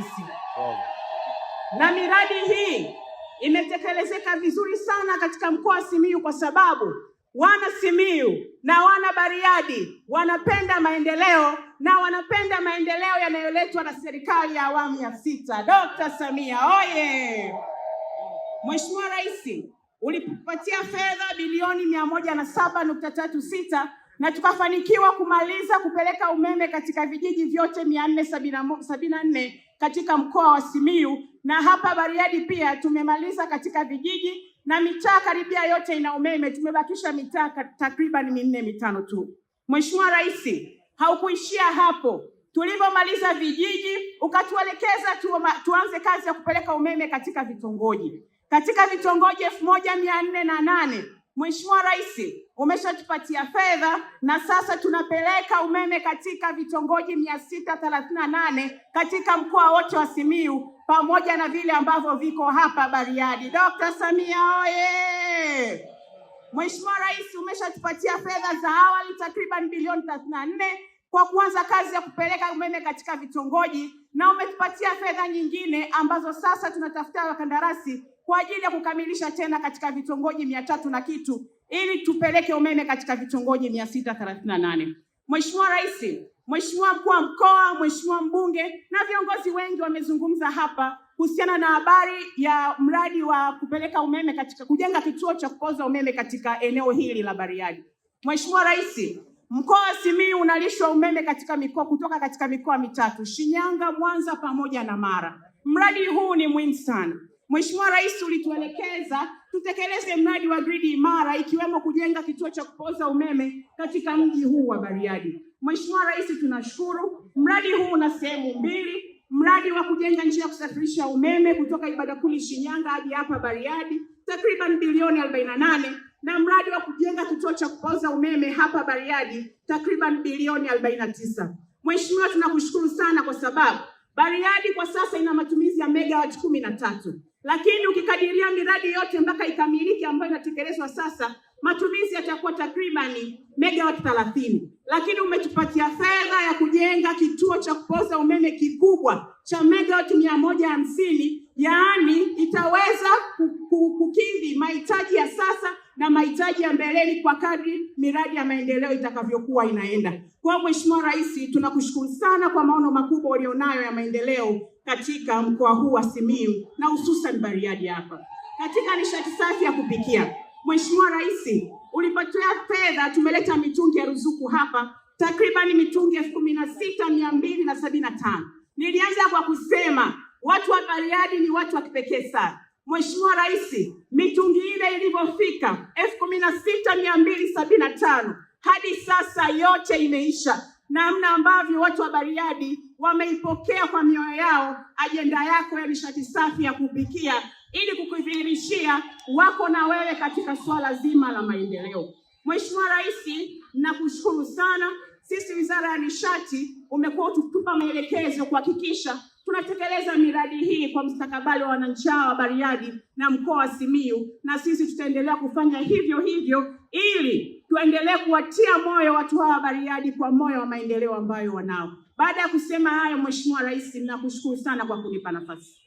rahisi. Na miradi hii imetekelezeka vizuri sana katika mkoa wa Simiyu kwa sababu wana Simiyu na wana Bariadi wanapenda maendeleo na wanapenda maendeleo yanayoletwa na serikali ya awamu ya sita, Dr. Samia oye! Mheshimiwa Rais ulipatia fedha bilioni mia moja na saba nukta tatu sita na tukafanikiwa kumaliza kupeleka umeme katika vijiji vyote mia nne sabini na nne katika mkoa wa Simiyu, na hapa Bariadi pia tumemaliza katika vijiji na mitaa karibia yote ina umeme. Tumebakisha mitaa takriban minne mitano tu. Mheshimiwa Rais, haukuishia hapo. Tulivyomaliza vijiji, ukatuelekeza tu, tuanze kazi ya kupeleka umeme katika vitongoji. Katika vitongoji elfu moja mia nne na nane Mheshimiwa Rais, umeshatupatia fedha na sasa tunapeleka umeme katika vitongoji mia sita thelathini na nane katika mkoa wote wa Simiyu pamoja na vile ambavyo viko hapa Bariadi. Dkt. Samia oye! Mheshimiwa Rais, umeshatupatia fedha za awali takriban bilioni 34 kwa kuanza kazi ya kupeleka umeme katika vitongoji na umetupatia fedha nyingine ambazo sasa tunatafuta wakandarasi kwa ajili ya kukamilisha tena katika vitongoji mia tatu na kitu ili tupeleke umeme katika vitongoji mia sita thelathini na nane. Mheshimiwa Rais, Mheshimiwa mkuu wa mkoa, Mheshimiwa mbunge na viongozi wengi wamezungumza hapa kuhusiana na habari ya mradi wa kupeleka umeme katika kujenga kituo cha kupoza umeme katika eneo hili la Bariadi. Mheshimiwa Rais, Mkoa wa Simiyu unalishwa umeme katika mikoa kutoka katika mikoa mitatu Shinyanga, Mwanza pamoja na Mara. Mradi huu ni muhimu sana. Mheshimiwa Rais, ulituelekeza tutekeleze mradi wa gridi imara ikiwemo kujenga kituo cha kupoza umeme katika mji huu wa Bariadi. Mheshimiwa Rais, tunashukuru. Mradi huu una sehemu mbili, mradi wa kujenga njia ya kusafirisha umeme kutoka Ibadakuli Shinyanga hadi hapa Bariadi, takriban bilioni 48 na mradi wa kujenga kituo cha kupoza umeme hapa Bariadi takriban bilioni 49. Mheshimiwa, tunakushukuru sana kwa sababu Bariadi kwa sasa ina matumizi ya megawati kumi na tatu, lakini ukikadiria miradi yote mpaka ikamilike ambayo inatekelezwa sasa matumizi yatakuwa takribani megawati thelathini, lakini umetupatia fedha ya kujenga kituo cha kupoza umeme kikubwa cha megawati mia moja hamsini, yaani itaweza kukidhi mahitaji ya mahitaji ya mbeleni kwa kadri miradi ya maendeleo itakavyokuwa inaenda. Kwa Mheshimiwa Rais, tunakushukuru sana kwa maono makubwa ulionayo ya maendeleo katika mkoa huu wa Simiyu na hususan Bariadi hapa katika nishati safi ya kupikia. Mheshimiwa Rais, ulipotea fedha, tumeleta mitungi ya ruzuku hapa takribani mitungi elfu kumi na sita mia mbili na sabini na tano. Nilianza kwa kusema watu wa Bariadi ni watu wa kipekee sana Mheshimiwa Rais, mitungi ile ilivyofika elfu kumi na sita mia mbili sabini na tano hadi sasa yote imeisha. Namna ambavyo watu wa Bariadi wameipokea kwa mioyo yao ajenda yako ya nishati safi ya kupikia ili kukudhihirishia wako na wewe katika swala zima la maendeleo. Mheshimiwa Rais, nakushukuru sana. Sisi Wizara ya Nishati umekuwa ukitupa maelekezo kuhakikisha tunatekeleza miradi hii kwa mstakabali wa wananchi wa Bariadi na mkoa wa Simiyu, na sisi tutaendelea kufanya hivyo hivyo ili tuendelee kuwatia moyo watu hawa wa Bariadi kwa moyo wa maendeleo ambayo wanao. Baada ya kusema hayo, Mheshimiwa Rais, ninakushukuru sana kwa kunipa nafasi.